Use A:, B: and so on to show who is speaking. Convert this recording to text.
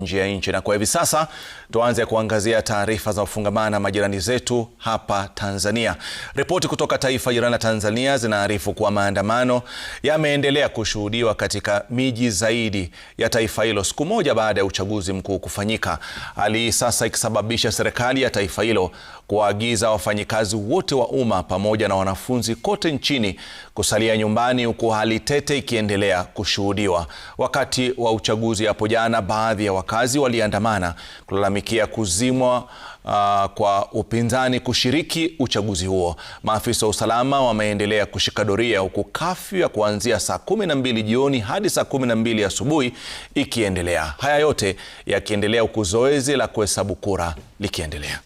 A: nje ya nchi. Na kwa hivi sasa tuanze kuangazia taarifa za ufungamana majirani zetu hapa Tanzania. Ripoti kutoka taifa jirani la Tanzania zinaarifu kuwa maandamano yameendelea kushuhudiwa katika miji zaidi ya taifa hilo siku moja baada ya uchaguzi mkuu kufanyika, hali hii sasa ikisababisha serikali ya taifa hilo kuwaagiza wafanyikazi wote wa umma pamoja na wanafunzi kote nchini kusalia nyumbani, huku hali tete ikiendelea kushuhudiwa. Wakati wa uchaguzi hapo jana, baadhi ya Wakazi waliandamana kulalamikia kuzimwa uh, kwa upinzani kushiriki uchaguzi huo. Maafisa wa usalama wameendelea kushika doria huku kafyu ya kuanzia saa kumi na mbili jioni hadi saa kumi na mbili asubuhi ikiendelea. Haya yote yakiendelea huku zoezi la kuhesabu kura likiendelea.